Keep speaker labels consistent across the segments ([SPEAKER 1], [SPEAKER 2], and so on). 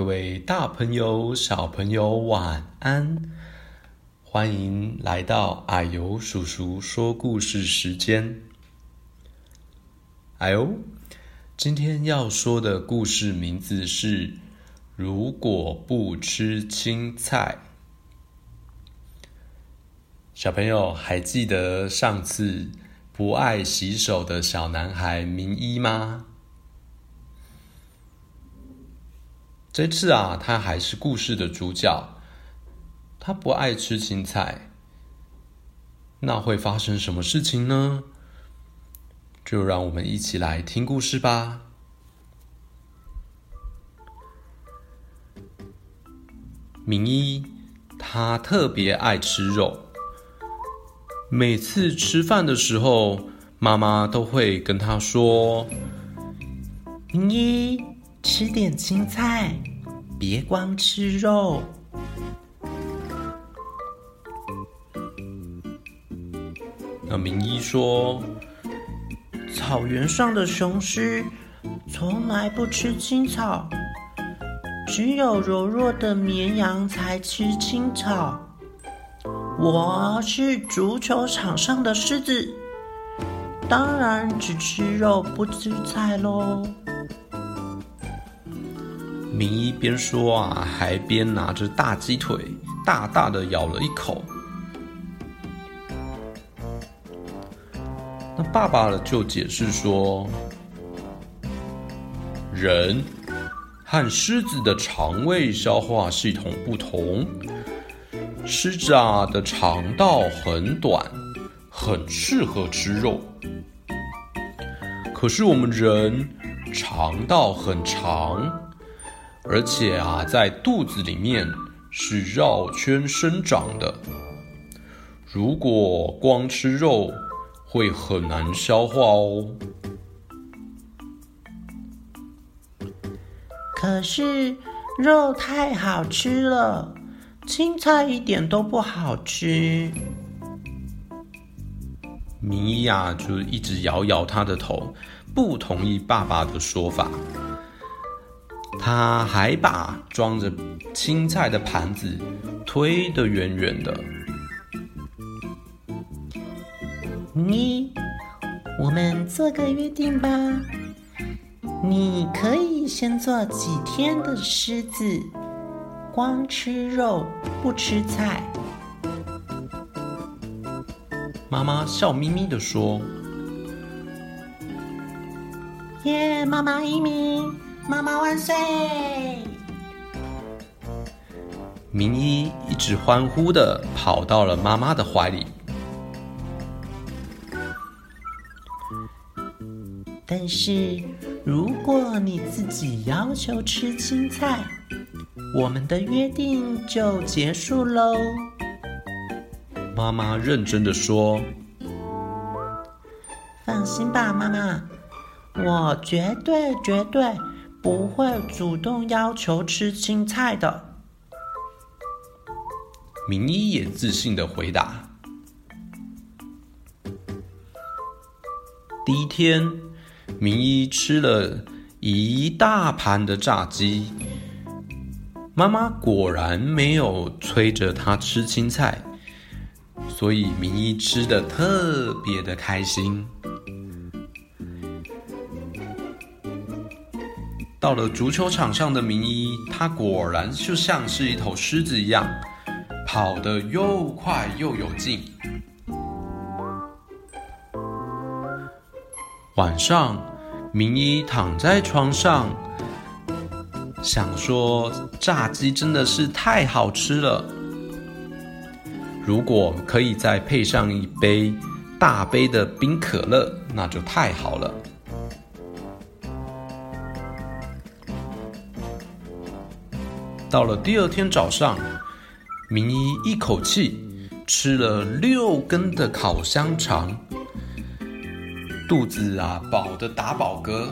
[SPEAKER 1] 各位大朋友、小朋友，晚安！歡迎來到啊呦叔叔說故事時間。啊呦，今天要說的故事名字是《如果不吃青菜》。小朋友還記得上次不愛洗手的小男孩明一嗎？這次啊，他還是故事的主角。他不愛吃青菜，那會發生什麼事情呢？就讓我們一起來聽故事吧。明一，他特別愛吃肉。每次吃飯的時候，媽媽都會跟他說：“
[SPEAKER 2] 明一。”吃點青菜，
[SPEAKER 1] 別光吃肉。
[SPEAKER 2] 那明一說，草原上的雄獅從來不吃青草，只有柔弱的綿羊才吃青草。我是足球場上的獅子，當然只吃肉不吃菜嘍。
[SPEAKER 1] 明一邊說啊，還邊拿着大雞腿，大大的咬了一口。那爸爸就解釋說，人和獅子的腸胃消化系統不同，獅子啊的腸道很短，很適合吃肉。可是我們人腸道很長。而且啊，在肚子裡面是繞圈生長的。如果光吃肉，會很難消化哦。
[SPEAKER 2] 可是肉太好吃了，青菜一點都不好吃。
[SPEAKER 1] 明一、啊、就一直搖搖她的頭，不同意爸爸的說法。他還把裝着青菜的盤子推得遠遠的。
[SPEAKER 2] 你，我們做個約定吧。你可以先做幾天的獅子，光吃肉不吃菜。
[SPEAKER 1] 媽媽笑眯眯的說：“
[SPEAKER 2] 耶，yeah, 媽媽咪咪。”媽媽萬歲！
[SPEAKER 1] 明一一直歡呼地跑到了媽媽的懷裡。
[SPEAKER 2] 但是如果你自己要求吃青菜，我們的約定就結束嘍。
[SPEAKER 1] 媽媽認真地說：“
[SPEAKER 2] 放心吧，媽媽，我絕對絕對。”不會主動要求吃青菜的，
[SPEAKER 1] 明一也自信的回答。第一天，明一吃了一大盤的炸雞，媽媽果然沒有催着他吃青菜，所以明一吃的特別的開心。到了足球場上的明一，他果然就像是一頭獅子一樣，跑得又快又有勁。晚上，明一躺在床上，想說炸雞真的是太好吃了，如果可以再配上一杯大杯的冰可樂，那就太好了。到了第二天早上，明一一口氣吃了六根的烤香腸，肚子啊飽的打飽嗝。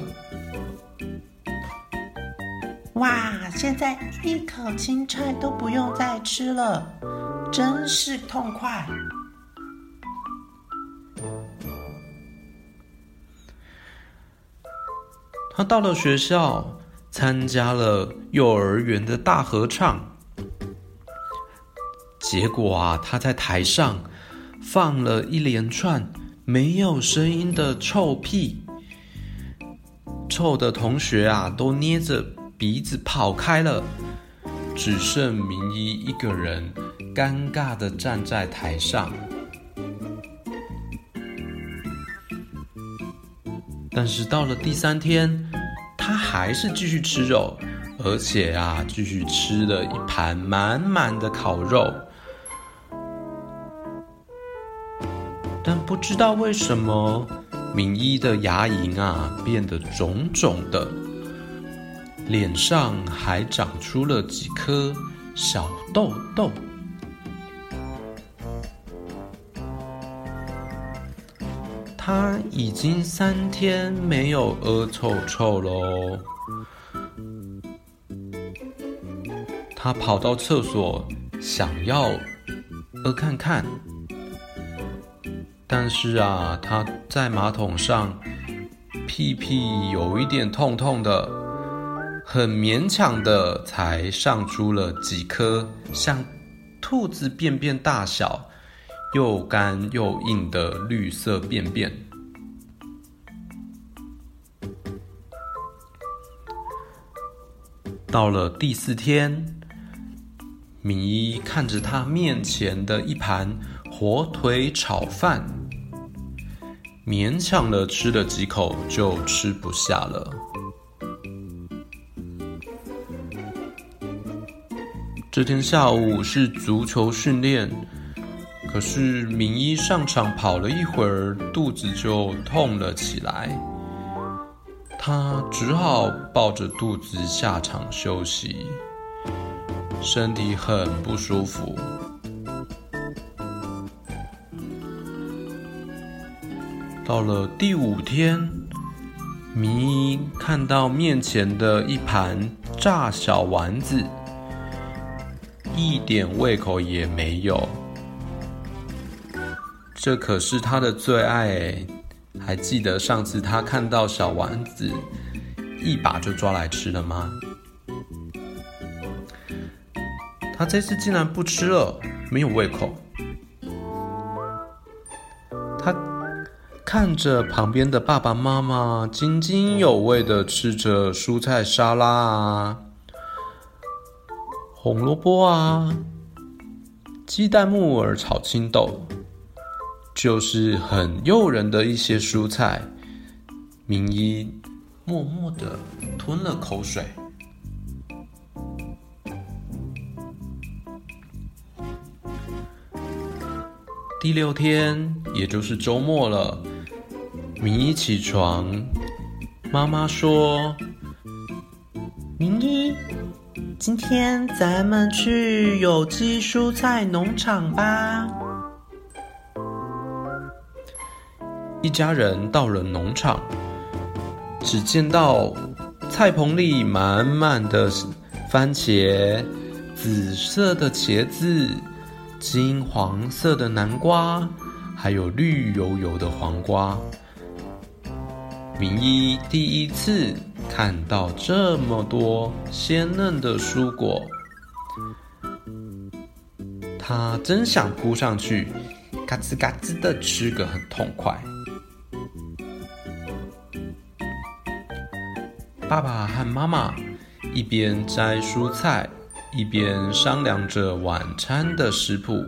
[SPEAKER 2] 哇，現在一口青菜都不用再吃了，真是痛快！
[SPEAKER 1] 他到了學校。參加了幼兒園的大合唱，結果啊，他在台上放了一連串沒有聲音的臭屁，臭的同學啊都捏着鼻子跑開了，只剩明一一個人尷尬的站在台上。但是到了第三天。他還是繼續吃肉，而且啊，繼續吃了一盤滿滿的烤肉。但不知道為什麼，明一的牙齦啊變得腫腫的，臉上還長出了幾顆小痘痘。他已經三天沒有屙臭臭嘍，他跑到廁所想要屙看看，但是啊，他在馬桶上屁屁有一點痛痛的，很勉強的才上出了幾顆像兔子便便大小。又乾又硬的綠色便便。到了第四天，明一看着他面前的一盤火腿炒飯，勉強的吃了幾口就吃不下了。這天下午是足球訓練。可是，明一上場跑了一會兒，肚子就痛了起來，他只好抱着肚子下場休息，身體很不舒服。到了第五天，明一看到面前的一盤炸小丸子，一點胃口也沒有。這可是他的最愛哎，還記得上次他看到小丸子一把就抓來吃了嗎？他這次竟然不吃了，沒有胃口。他看着旁邊的爸爸媽媽津津有味的吃着蔬菜沙拉啊，紅蘿蔔啊，雞蛋木耳炒青豆。就是很誘人的一些蔬菜，明一默默的吞了口水。第六天，也就是周末了，明一起床，媽媽說：“
[SPEAKER 2] 明一，今天咱們去有機蔬菜農場吧。”
[SPEAKER 1] 一家人到了農場，只見到菜棚裡滿滿的番茄、紫色的茄子、金黃色的南瓜，還有綠油油的黃瓜。明一第一次看到這麼多鮮嫩的蔬果，他真想撲上去，嘎吱嘎吱的吃個很痛快。爸爸和媽媽一邊摘蔬菜，一邊商量着晚餐的食譜。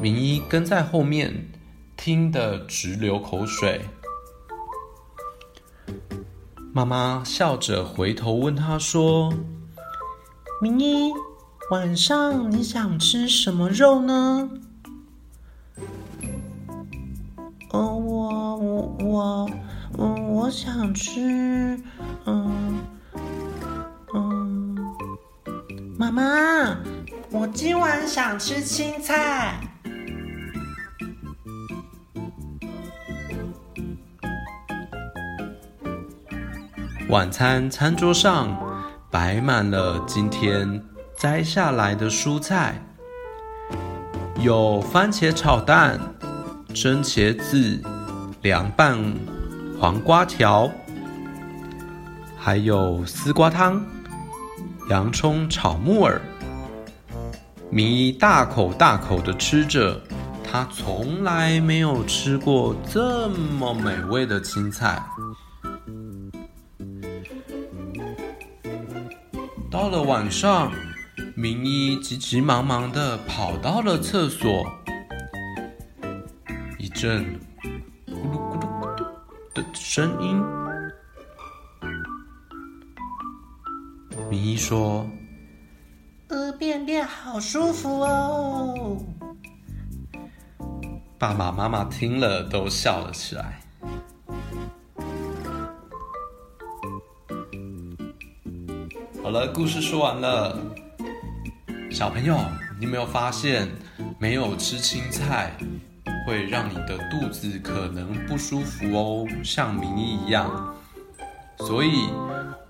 [SPEAKER 1] 明一跟在後面，聽得直流口水。媽媽笑着回頭問他說：“明一，晚上你想吃什麼肉呢？”
[SPEAKER 2] 我想吃，嗯嗯，媽媽，我今晚想吃青菜。
[SPEAKER 1] 晚餐餐桌上擺滿了今天摘下來的蔬菜，有番茄炒蛋、蒸茄子、涼拌。黃瓜條，還有絲瓜湯，洋蔥炒木耳。明一大口大口的吃着，他從來沒有吃過這麼美味的青菜。到了晚上，明一急急忙忙的跑到了廁所，一陣。的聲音，明一說：“
[SPEAKER 2] 呃，便便好舒服哦。”
[SPEAKER 1] 爸爸媽媽聽了都笑了起來。好了，故事說完了。小朋友，你沒有發現沒有吃青菜？會讓你的肚子可能不舒服哦，像明一一樣。所以，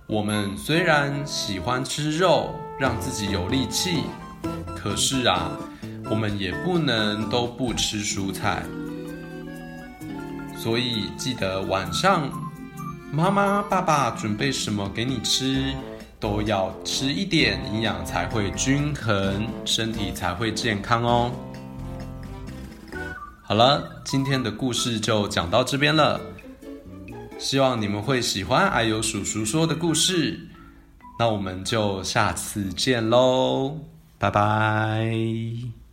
[SPEAKER 1] 我們雖然喜歡吃肉，讓自己有力氣，可是啊，我們也不能都不吃蔬菜。所以，記得晚上媽媽爸爸準備什麼給你吃，都要吃一點，營養才會均衡，身體才會健康哦。好了，今天的故事就講到這邊了，希望你們會喜歡啊呦叔叔說的故事。那我們就下次見嘍，拜拜。